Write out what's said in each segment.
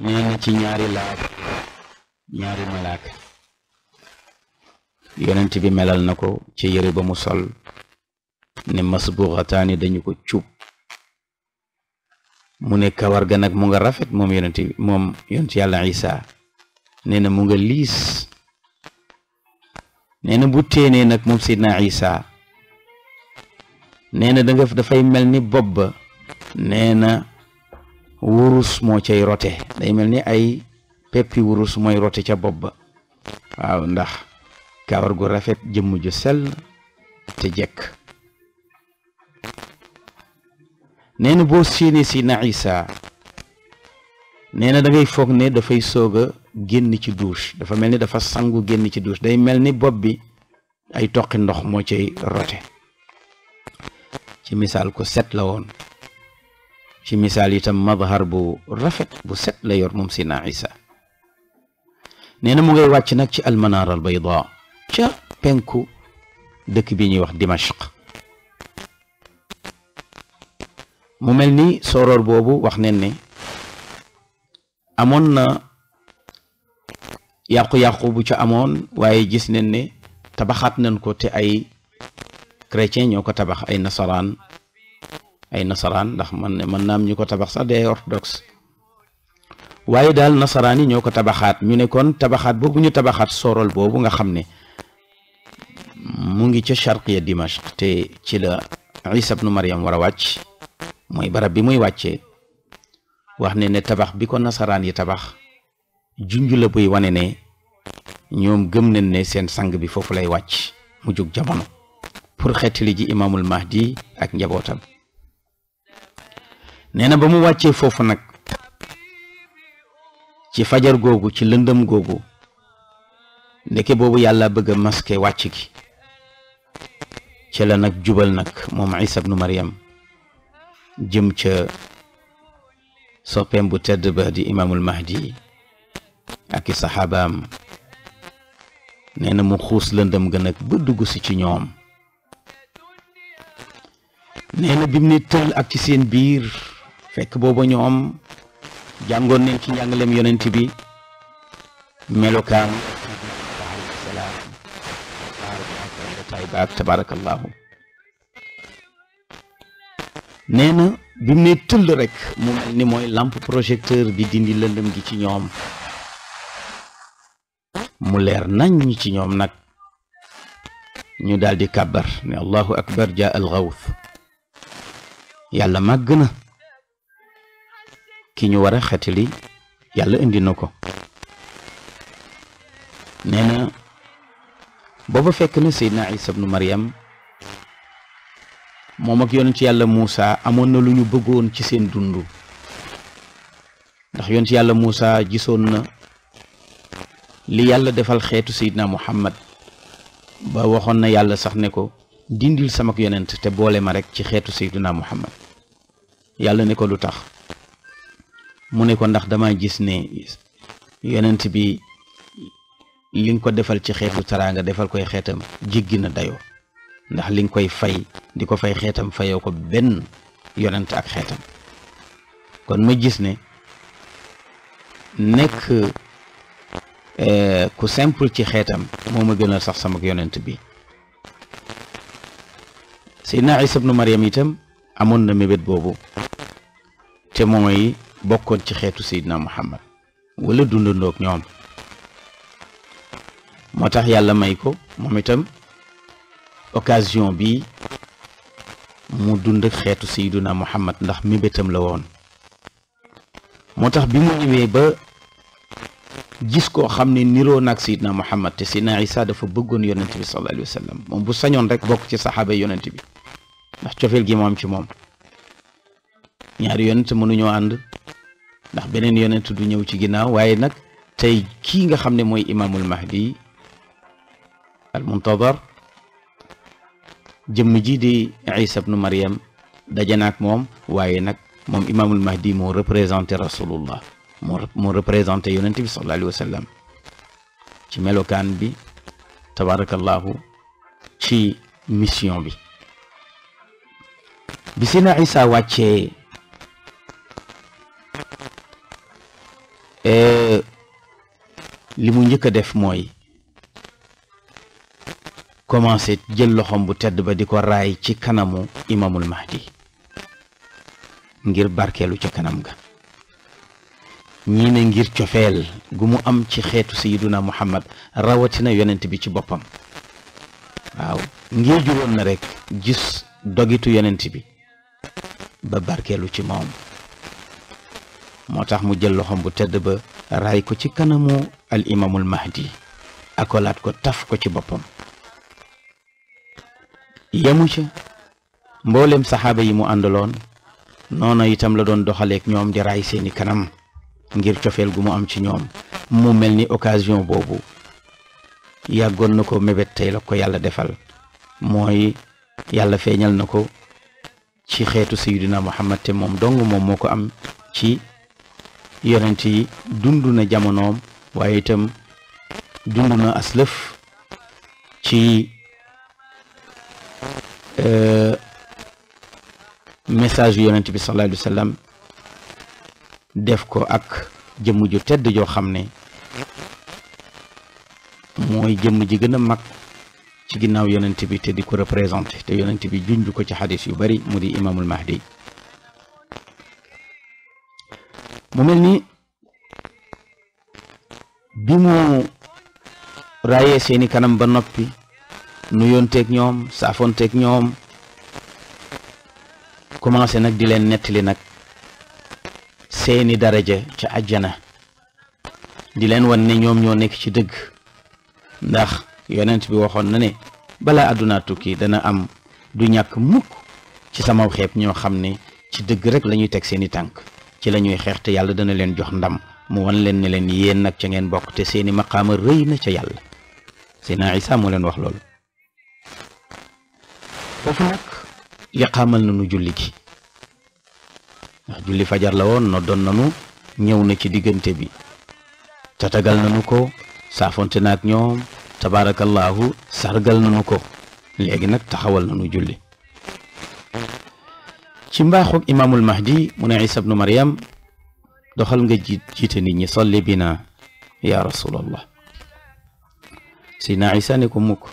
nee na ci ñaari laaj ñaari malaaka yonent bi melal na ko ci yére ba mu sol ne masbuxataani dañu ko cuub mu ne kawar ga nag mu nga rafet moom yonent yàlla isa nee na mu nga liis nee na bu téenee nag moom sidna isa nee na danga dafay mel ni bopp ba nee na wurus moo cay rote day mel ni ay peppi wurus mooy rote ca bopp ba waaw ndax kawar gu rafet jëmm ju sell te jekk nee na boo séenee si na isa nee na da foog ne dafay soog a génn ci douche dafa mel ni dafa sangu génn ci duus day mel ni bopp bi ay toqi ndox moo cay rote ci misaal ko set la woon ci misaal itam mazhar bu rafet bu set la yor moom Sina Isa nee na mu ngay wàcc nag ci almanaar al bayda ca penku dëkk bi ñuy wax Dimashq mu mel ni soroor boobu wax nen ne amoon na yàqu-yàqu bu ca amoon waaye gis nen ne tabaxaat nañ ko te ay chrétien ñoo ko tabax ay nasaraan ay nasaraan ndax man mën naam ñu ko tabax sax day orthodoxe waaye daal nasaraan yi ñoo ko tabaxaat ñu ne kon tabaxaat boobu ñu tabaxaat sorol boobu nga xam ne mu ngi ca charqiya dimashq te ci la isa bnu mariam war wàcc mooy barab bi muy wàccee wax ne ne tabax bi ko nasaraan yi tabax junj la buy wane ne ñoom gëm nañ ne seen sang bi foofu lay wàcc mu jóg jamono pour xettali ji imaamul mahdi ak njabootam nee na ba mu wàccee foofu nag ci fajar googu ci lëndëm googu ndeke boobu yàlla bëgg a maske wàcc gi ci la nag jubal nag moom isa bnu mariam jëm ca soppeem bu tedd ba di imamul mahdi ak i saxaabaam nee na mu xuus lëndëm ga nag ba dugg si ci ñoom nee na ne tëll ak ci seen biir fekk boobu ñoom jàngoon nañ ci njàngaleem yonenti bi melokaan salaam taay baak tabarakallahu nee na bi mu ne tëll rek mu mel ni mooy lampe projecteur bi dindi lëndëm gi ci ñoom mu leer nañ ci ñoom nag ñu daal di kàbbar ne allahu akbar jaa al gawth yàlla màgg na ki ñu war a li yàlla indi na ko nee na booba fekk na Seydina Isa bnu Maryam moom ak yonent yàlla Moussa amoon na lu ñu bëggoon ci seen dund ndax yonent yàlla Moussa gisoon na li yàlla defal xeetu Seydina Muhammad ba waxoon na yàlla sax ne ko dindil sama yonent te boole ma rekk ci xeetu Seydina Muhammad yàlla ne ko lu tax mu ne ko ndax dama gis ne yonent bi li nga ko defal ci xeetu taraanga defal koy xeetam jiggi na dayoo ndax li nga koy fay di ko fay xeetam fayoo ko benn yonent ak xeetam kon ma gis ne nekk eh, ku simple ci xeetam moo ma gënal sax sama yonent bi Seydina Isa bnu Maryam itam amoon na mébét boobu te mooy bokkoon ci xeetu seydina muhammad wala dundandoog ñoom moo tax yàlla may ko moom itam occasion bi mu dund ak xeetu seydina muhammad ndax mébétam la woon moo tax bi mu ñëwee ba gis koo xam ne niroo naag seydina muhammad te seydina isa dafa bëggoon yonent bi sallallahu alayhi wa moom bu sañoon rek bokk ci saxaaba yonent bi ndax cofeel gi moom ci moom ñaari yonent mënuñoo ànd ndax benen yonentou du ñëw ci ginaaw waye nak tay ki nga xamne moy mooy imaamul mahdi al muntadar jëm ji di isa ibn maryam daje na ak moom waaye nag moom imaamul mahdi mo representer rasulullah mo moo représenté yonent bi sallallahu alayhi wasallam ci melokan bi tabarakallah ci mission bi bi sina isa wacce Eh, li mu njëkk a def mooy commencé jël loxoom bu tedd ba di ko raay ci kanamu imaamul mahdi ngir barkeelu ca kanam ga ñii ne ngir cofeel gu mu am ci xeetu sayiduna muhammad rawatina yonent bi ci boppam waaw ngir juróon na rekk gis dogitu yenent bi ba barkeelu ci moom moo tax mu jël loxom bu tedd ba raay ko ci kanamu al imaamul mahdi akolaat ko taf ko ci boppam yamu ca mboolem saxaaba yi mu àndaloon noona itam la doon doxaleek ñoom di raay seeni kanam ngir cofeel gu mu am ci ñoom mu mel ni occasion boobu yàggoon na ko mébét tey la ko yàlla defal mooy yàlla feeñal na ko ci xeetu sayyidina Muhammad te moom dong moom moo ko am ci yonent yi dund na jamonoom waaye itam dund na aslëf ci euh, message yu yonent bi sallallahu alayhi def ko ak jëmm ju tedd joo xam ne mooy jëmm ji gën a mag ci ginnaaw yonent bi te di ko représenté te yonent bi junj ko ci xadis yu bari mu di imaamul mahdi mu mel ni bi mu raayee seeni kanam ba noppi nuyoonteeg ñoom saafoonteeg ñoom commencé nag di leen nettali nag seeni daraja ca àjjana di leen wan ne ñoom ñoo nekk ci dëgg ndax yonent bi waxoon na ne balaa àdduna tukki dana am du ñàkk mukk ci sama xeeb ñoo xam ne ci dëgg rek lañuy teg seeni tànk ci la ñuy xeex te yàlla dana leen jox ndam mu wan leen ne leen yéen nag ca ngeen bokk te seeni maqaama rëy na ca yàlla Seydina Isa moo leen wax loolu foofu nag yaqaamal na nu julli gi ndax julli fajar la woon noddoon nanu ñëw na ci diggante bi tatagal nanu ko saafoonte na ak ñoom tabaarakallaahu sargal nanu ko léegi nag taxawal nanu julli ci mbaaxug imaamul mahdi mu ne isa bnu mariam doxal nga ji jiite nit ñi solli bina ya rasulallah sidna isa ne ko mukk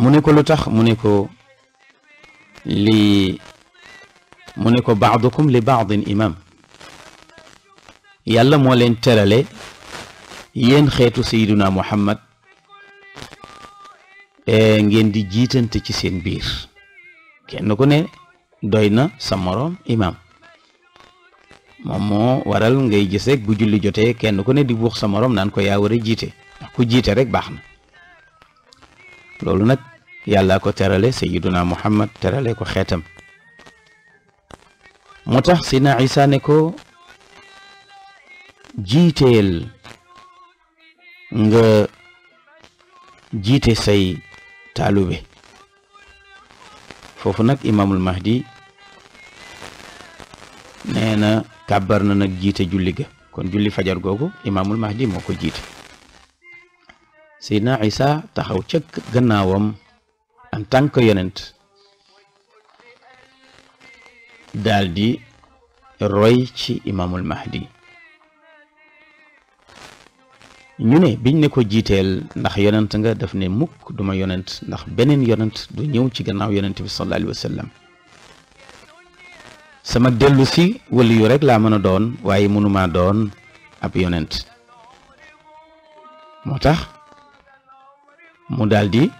mu ne ko lu tax mu ne ko li mu ne ko baadukum li baadin imam yàlla moo leen terale yéen xeetu sayiduna muhammad eh, ngeen di jiitante ci seen biir kenn ku ne doy na sa moroom imaam moom moo waral ngay gis rek bu julli jotee kenn ku ne di buux sa morom naan ko yaa war a jiite ndax ku jiite rek baax na loolu nag yàllaa ko terale sayyiduna muhammad terale ko xeetam moo tax si na isa ne ko jiiteel nga jiite say taalube foofu nag imaamul mahdi nee na kàbbar na nag jiite julli ga kon julli fajar googu imaamul mahdi moo ko jiite seydna isa taxaw ca gannaawam en tant que yonent daal di roy ci imaamul mahdi ñune biñ ne ko jitel ndax yonent nga daf ne mukk duma yonent ndax benen yonent du ñëw ci gannaaw yonent bi sallallahu alayhi wasallam sama delu si wali yu rek la mëna doon waye mënuma doon ab yonent motax mu daldi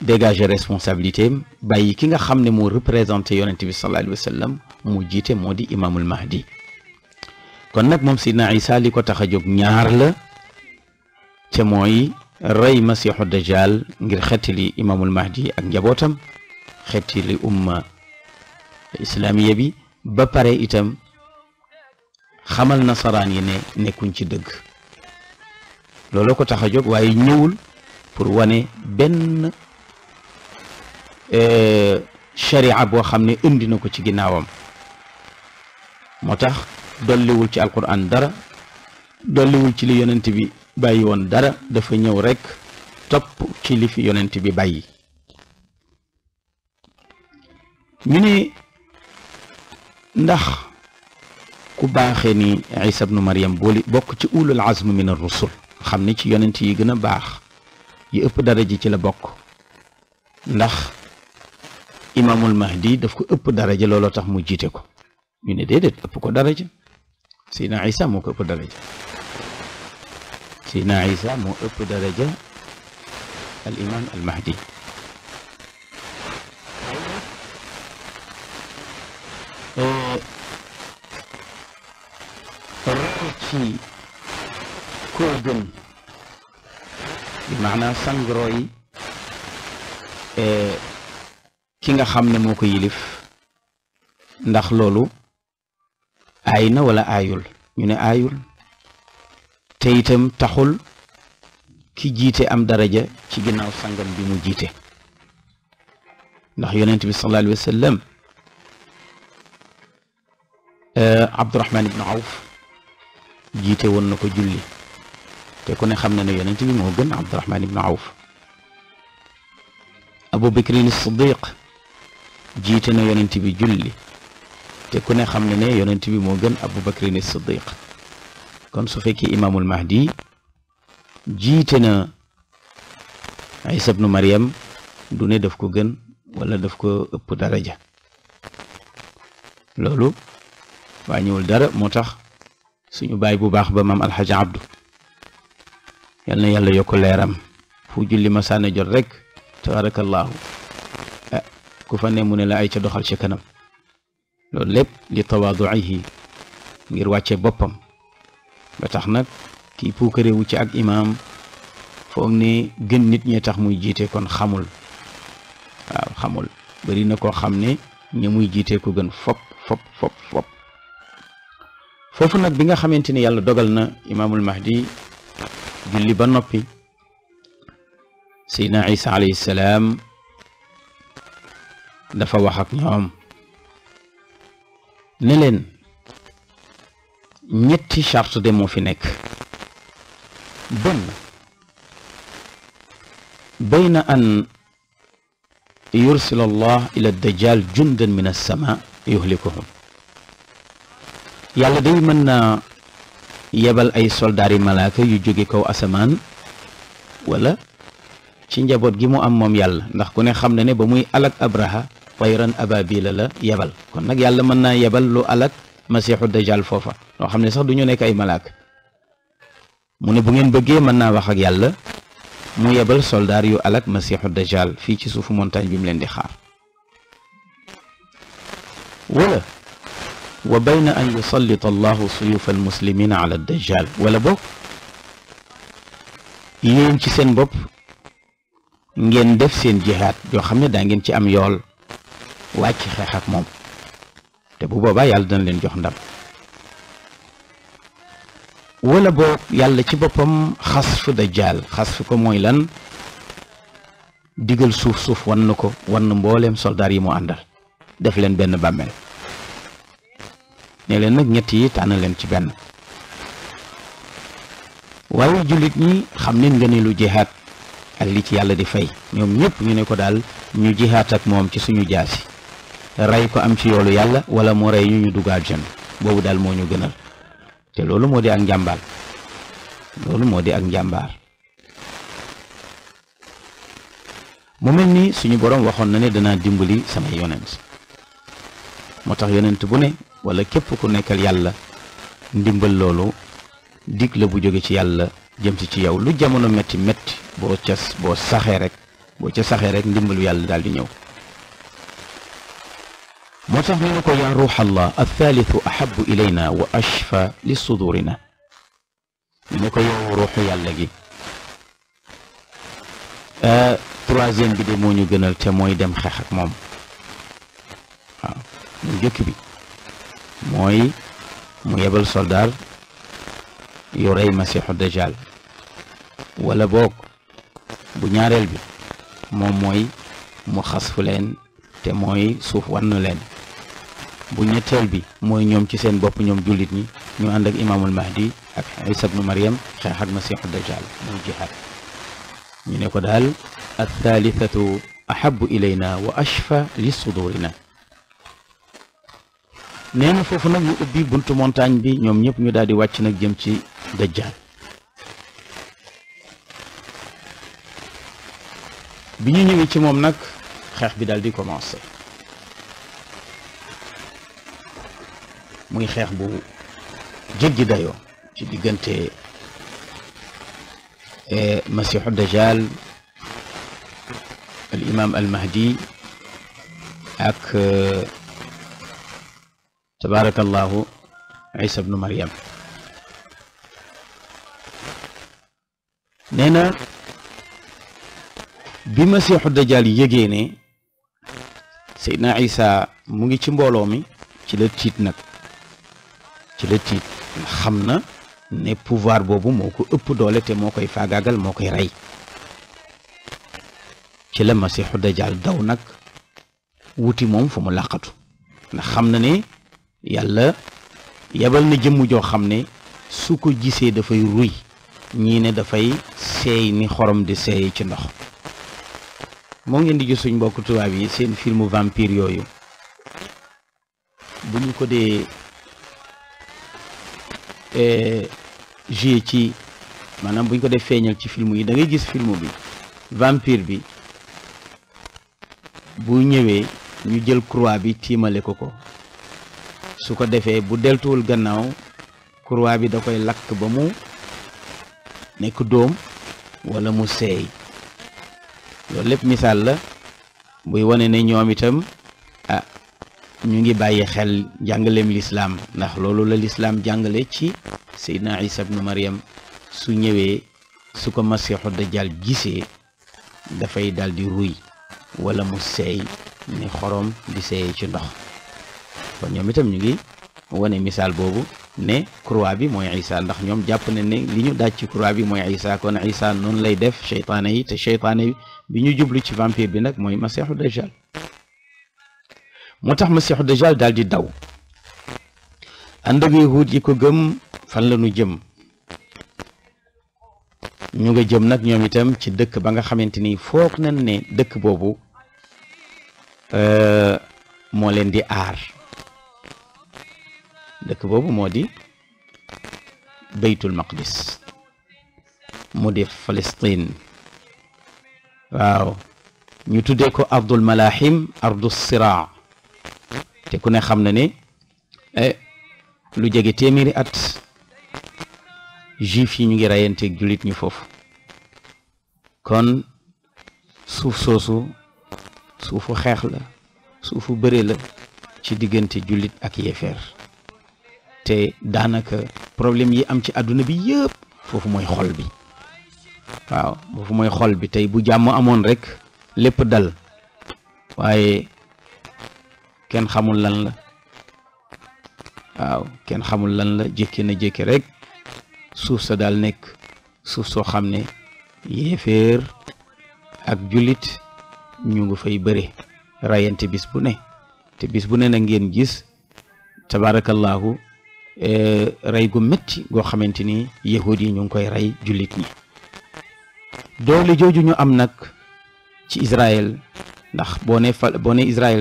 dégager responsabilité bàyyi ki nga xamne mo représenter yonent bi sallallahu alayhi wasallam mu jité modi imamul mahdi kon nak mom sidna isa liko taxajuk ñaar la ca mooy rey masiixu dajjal ngir xettali imaamul mahdi ak njabootam xettali umma islaamiya bi ba pare itam xamal nasaraan yi ne nekkuñ ci dëgg looloo ko tax a jóg waaye ñëwul pour wane benn e, sharia boo xam ne indi ko ci ginnaawam moo tax dolliwul ci alquran dara dolliwul ci li yonent bi bàyyi woon dara dafa ñëw rekk topp ci li fi yonent bi bàyyi ñu ne ndax ku baaxee ni Isa bnu Maryam bokk ci ulul azm min ar rusul xam ni ci yonent yi gën a baax yi ëpp dara ji ci la bokk ndax imaamul mahdi daf ko ëpp daraja looloo tax mu jiite ko ñu ne déedéet ëpp ko daraja Seydina Isa moo ko ëpp daraja سيدنا عيسى مو ابو درجة الإمام المهدي آه، رأيت في كوردن بمعنى سانغروي كينغا خامن موكو يلف نخلولو lolou ولا wala ayul ñu te itam taxul ki jiite am daraja ci ginnaaw sangam bi mu jiite ndax yonent bi sallallahu alayhi wa sallam eh, Abdurahman ibn Awf jiite woon na ko julli te ku ne xam na ne yonent bi moo gën Abdurahman ibn Awf Abu Bakrin Siddiq jiite na yonent bi julli te ku ne xam na ne yonent bi moo gën Abu Bakrin Siddiq kon su fekkee imaamul mahdi jiite na Isa bnu Maryam du ne daf ko gën walla daf ko ëpp daraja loolu wàññiwul dara moo tax suñu baay bu baax ba mam alxaji abdu yal na yàlla yokk leeram fu julli ma sànna jot rek tabaarakallaahu ah ku fa ne mu ne la ay ca doxal ci kanam loolu lépp li tawaaduihi ngir wàcce boppam ba tax nag kii puukare wu ci ak imaam foog ne gën nit ñee tax muy jiite kon xamul waaw xamul bari na koo xam ne ñi muy jiite ko gën fop fop fop foofu nag bi nga xamante ni yàlla dogal na imaamul mahdi julli ba noppi seydna isa alayhi salaam dafa wax ak ñoom ne leen ñetti charte de moo fi nekk benn bayna an yursil allah ila dajjal jundan min alsama yuhlikuhum yàlla day mën na yebal ay soldaari malaaka yu jóge kaw asamaan wala ci njaboot gi mu am moom yàlla ndax ku ne xam na ne ba muy alak abraha tayran ababila la yebal kon nag yàlla mën naa yebal lu alak masiixu dajjal foofa loo xam ne sax du ñu nekk ay malaak mu ne bu ngeen bëggee mën naa wax ak yàlla mu yebal soldaar yu alak masiixu dajjal fii ci suufu montagne bi mu leen di xaar wala wa bayna an yusallit allahu suyufa almuslimina ala dajjal wala boog yéen ci seen bopp ngeen def seen jihaad yoo xam ne daa ngeen ci am yool wàcc xeex ak moom te bu boba yalla dana leen jox ndam wala bo yalla ci bopam xas fu dajjaal ko moy lan digal suuf suuf wan noko wan mbollem soldar yi mo andal def leen ben bammel ne leen nak ñet yi tan leen ci ben waye julit ñi xam ne nga lu jihad ak li ci yalla di fay ñom ñep ñu ne ko dal ñu jihad ak mom ci suñu jasi rey ko am ci yoolu yàlla wala mu rey ñu ñu dugg àjjana boobu daal moo ñu gënal te loolu moo di ak njàmbaar loolu moo di ak njàmbaar mu mel ni suñu boroom waxoon na ne danaa dimbali samay yonent moo tax yonent bu ne wala képp ku nekkal yàlla ndimbal loolu dig la bu jóge ci yàlla jëm si ci yow lu jamono metti metti boo ca boo saxee rek boo ca saxee rek ndimbalu yàlla daal di ñëw متفهمك يا روح الله الثالث أحب إلينا وأشفى لصدورنا منك يا روح يالجي آه، ترازين بدي موني جنال تموي دم خخك مام آه، نجيك بي موي مويبل صدار يوري مسيح الدجال ولا بوك بنيار البي موي مخصف لين تموي سوف ونو لين bu ñetteel bi mooy ñoom ci seen bopp ñoom jullit ñi ñu ànd ak imaamul mahdi ak isa bnu mariam xeex ak masiixu dajjal muy jihaad ñu ne ko daal al thalithatu ahabu ilayna wa ashfa li sudurina nee na foofu nag ñu ubbi buntu montagne bi ñoom ñëpp ñu daal di wàcc nag jëm ci dajjal bi ñu ñëwee ci moom nag xeex bi daal di commencé muy xeex bu jéggi ci diggante e, masiixu dajjal al imam al mahdi ak e, tabarakallahu isa bnu mariam nee na bi masiixu dajjal yégee ne seydna isa mu ngi ci mbooloo mi ci la tiit nag ci la tiit xam na ne pouvoir boobu moo ko ëpp doole te moo koy faagaagal moo koy rey ci la ma masiixu dajaal daw nag wuti moom fu mu làqatu ndax xam na ne yàlla yebal na jëmm joo xam ne su ko gisee dafay ruy ñii ne dafay seey ni xorom di seey ci ndox moo ngeen di gis suñ mbokku tubaab yi seen filmu vampire yooyu bu ñu ko dee Eh, joué ci maanaam buñ ko def feeñal ci film yi dangay gis film bi vampire bi bu ñëwee ñu jël croix bi tiimale ko ko su ko defee bu deltuwul gannaaw croix bi da koy lakk ba mu nekk doom wala mu seey loolu lépp misaal la buy wane ne ñoom itam ñu ngi bàyyi xel jàngaleem lislaam ndax loolu la lislaam jàngale ci seydna isa ibnu mariam su ñëwee su ko masiixu dajjal gisee dafay dal di ruy wala mu seey ni xorom di seeyee ci ndox kon ñoom itam ñu ngi wane misaal boobu ne croix bi mooy isa ndax ñoom jàpp na ne li ñu daaj ci croix bi mooy isa kon isa noonu lay def seytaane yi te seytaane bi ñu jublu ci vampire bi nag mooy masiixu dajjal motax tax masiixu dajjaal daal di daw ànd ak yahuud yi ko gëm fan la ñu jëm ñu nga jëm nak ñom itam ci dëkk ba nga xamanteni ni nañ ne dëkk bobu euh mo leen di ar dëkk bobu modi baytul maqdis modi falestine Palestine waaw ñu tuddee ko ardul malaaxim ardul siraa te ku ne xam na ne eh, lu jege téeméeri at juif yi ñu ngi rayanteeg jullit ñu foofu kon suuf soosu suufu xeex la suufu bëre la ci diggante jullit ak yéefeer te daanaka problème yi am ci àdduna bi yëpp foofu mooy xol bi waaw foofu mooy xol bi tey bu jàmm amoon rek lépp dal waaye kenn xamul lan la waaw kenn xamul lan la jékki na jékki rek suuf sa daal nekk suuf soo xam ne yéeféer ak jullit ñu ngi fay bëre rayante bis bu ne te bis bu ne na ngeen gis tabaarakallaahu e, rey gu métti goo xamante ni yahud yi ñu ngi koy rey jullit ñi doole jooju ñu am nag ci Israël ndax boo ne fa boo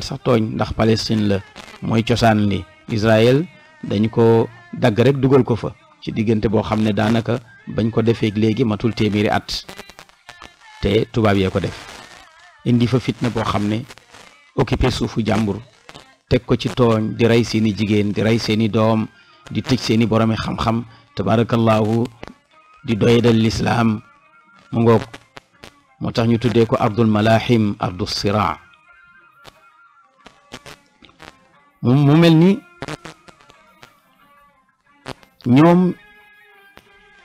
sax tooñ ndax Palestine la mooy cosaan li Israël dañ ko dagg rek dugal ko fa ci diggante boo xam ne daanaka bañ ko defeek léegi matul téeméeri at te tubaab yee ko def indi fa fitna boo xam ne occupé suufu jàmbur teg ko ci tooñ di rey seeni jigéen di rey seeni doom di tëj seeni boromi xam-xam tabaarakallaahu di doyedal lislaam mu ngoog moo tax ñu tuddee ko abdul malahim abdul siraa mu mel ni ñoom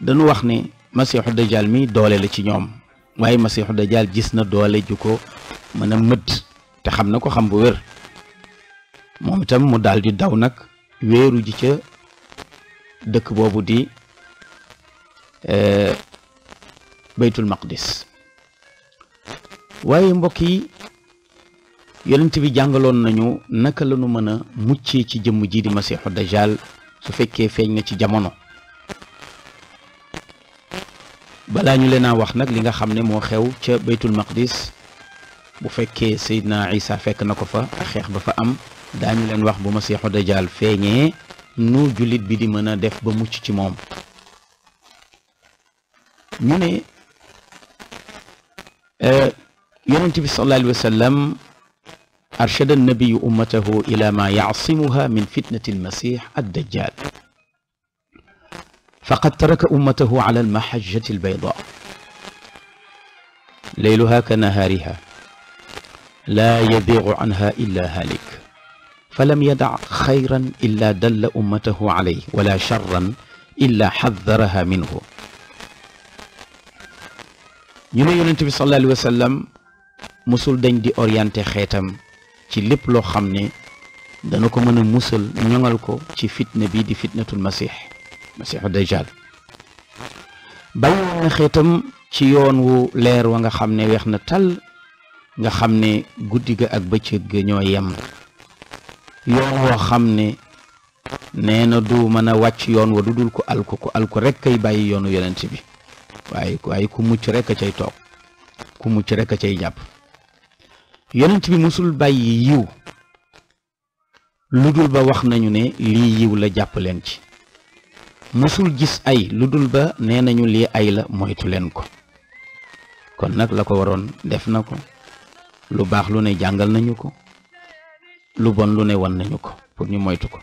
dañu wax ne masiixu dajaal mi doole la ci ñoom waaye masiixu dajaal gis na doole ju ko mën a mëdd te xam na ko xam bu wér moom itam mu daal di daw nag wéeru ji ca dëkk boobu di eh, baytul maqdis waaye mbokk yi yonent bi jàngaloon nañu naka la ñu mën a muccee ci jëmm ji di masiixu dajjal su fekkee feeñ na ci jamono balaa ñu leen a wax nag li nga xam ne moo xew ca baytul maqdis bu fekkee Seydina Isa fekk na ko fa ak xeex ba fa am daañu leen wax bu masiixu dajjal feeñee nu jullit bi di mën a def ba mucc ci moom ñu ne euh, النبي صلى الله عليه وسلم أرشد النبي أمته إلى ما يعصمها من فتنة المسيح الدجال فقد ترك أمته على المحجة البيضاء ليلها كنهارها لا يبيغ عنها إلا هالك فلم يدع خيرا إلا دل أمته عليه ولا شرا إلا حذرها منه ينوي النبي صلى الله عليه وسلم musul dañ di orienté xeetam ci lépp loo xam ne dana ko mën a musal ñoŋal ko ci fitna bii di fitnatul masix masiixu dajjal bàyyiwoon na xeetam ci yoon wu leer wa nga xam ne weex na tal nga xam ne guddi ga ak bëccëg ga ñoo yem yoon woo xam ne nee na du mën a wàcc yoon wa du dul ko alku ko alku rek kay bàyyi yoonu yonent bi waaye waaye ku mucc rek a cay toog ku mucc rek a cay jàpp yonent bi musul bàyyi yiw lu dul ba wax nañu ne lii yiw la jàpp leen ci musul gis ay lu dul ba nee nañu lii ay la moytu leen ko kon nag la ko waroon def na ko lu baax lu ne jàngal nañu ko lu bon lu ne wan nañu ko pour ñu moytu ko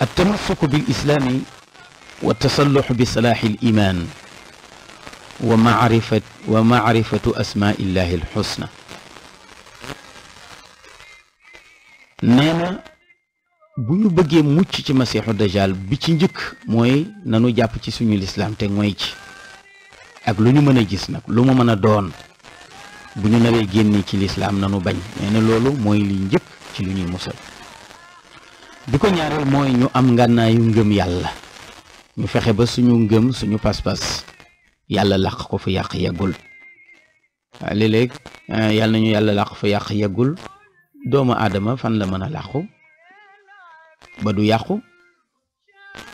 at tamassuku bil islaami wa tasallux bi salaaxi l imaan wa macrifat wa macrifatu na bu ñu bëggee mucc ci masiixu dajal bi ci njëkk mooy nanu jàpp ci suñu lislaam te mooy ci ak lu ñu mën a gis nag lu ma mën a doon bu ñu nawee génne ci lislaam nanu bañ nee na loolu mooy li njëkk ci lu ñuy musal bi ko ñaareel mooy ñu am ngànnaayu ngëm yàlla ñu fexe ba suñu ngëm suñu pas-pas yàlla làq ko fu yàq yeggul léeg-léeg eh, yàlla nañu yàlla làq fu yàq yeggul doomu aadama fan la mën a làqu ba du yàqu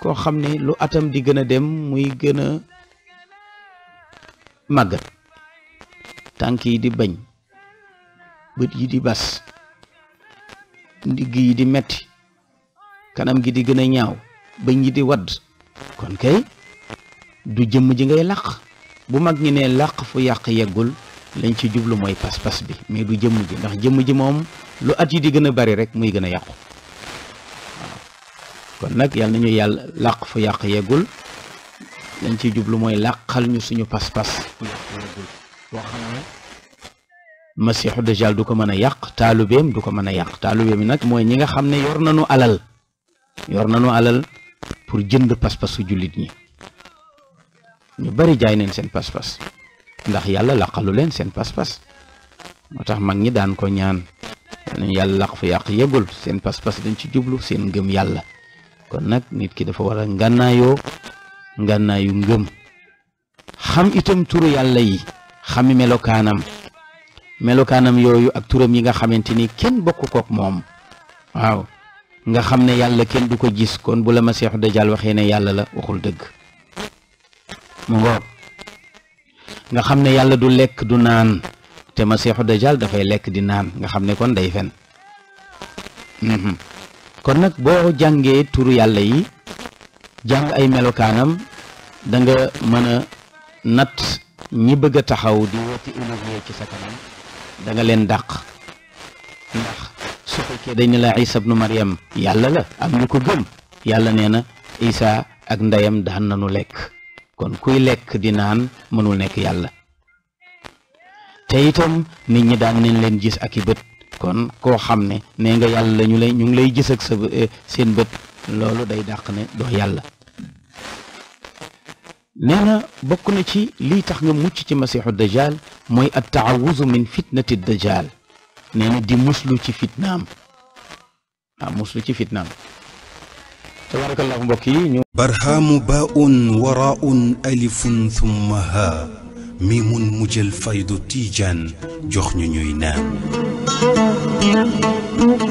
koo xam ne lu atam di gën a dem muy gën a màggat tànk yi di bañ bët yi di bas ndigg yi di metti kanam gi di gën a ñaaw bañ yi di wadd kon kay du jëmm ji ngay làq bu mag ñi ne làq fu yàq yeggul lañ ci jublu mooy pas-pas bi mais du jëmm ji ndax jëmm ji moom lu at yi di gën a bari rek muy gën a yàqu waaw kon nag yàlla nañu yàlla làq fu yàq yeggul lañ ci jublu mooy làqal ñu suñu pas-pas fu yàq yeggul du ko mën a yàq taalubeem du ko mën a yàq taalubeem nag mooy ñi nga xam ne yor nañu alal yor na nu alal pour jënd pas-pasu jullit ñi ñu bari jaay nañ seen pas pass ndax yàlla laqalu len seen pas pass motax mag ñi daan ko ñaan yalla laq fa yaq yegul seen pas pass dañ ci jublu seen ngeum yalla kon nak nit ki dafa wara ngannaayo ngannaayu ngeum xam itam turu yalla yi xam melokanam melokanam yoyu ak turam yi nga xamanteni ni kenn bokk kook mom waaw nga xamne yalla yàlla kenn du gis kon bu la masiixu dajal ne la waxul deug ngor nga xamne yalla du lek du nan te masihu dajjal fay lek di nan nga xamne kon day fen mhm. kon nak bo jàngee turu yalla yi jang ay melokanam, da nga meuna nat ñi bëgg taxaw di woti uluhiyya ci sa kanam da nga len dakk ndax su fekkee dañ la isa ibn maryam yalla la am ñu ko gëm yalla neena isa ak ndayam daan nanu lek. kon kuy lekk di naan mënul nekk yàlla te itam nit ñi daan nañ leen gis ak i bët kon koo xam ne nee nga yàlla ñu lay ñu ngi lay gis ak sa eh, seen bët loolu day dàq ne doo yàlla nee bokk na ci lii tax nga mucc ci masiixu dajaal mooy at taawuzu min fitnati dajaal nee na di muslu ci fitnaam waaw ah, muslu ci fitnaam تبارك الله بكي برهام باء وراء ألف ثم ها ميم مجل فيض تيجان جخن نينام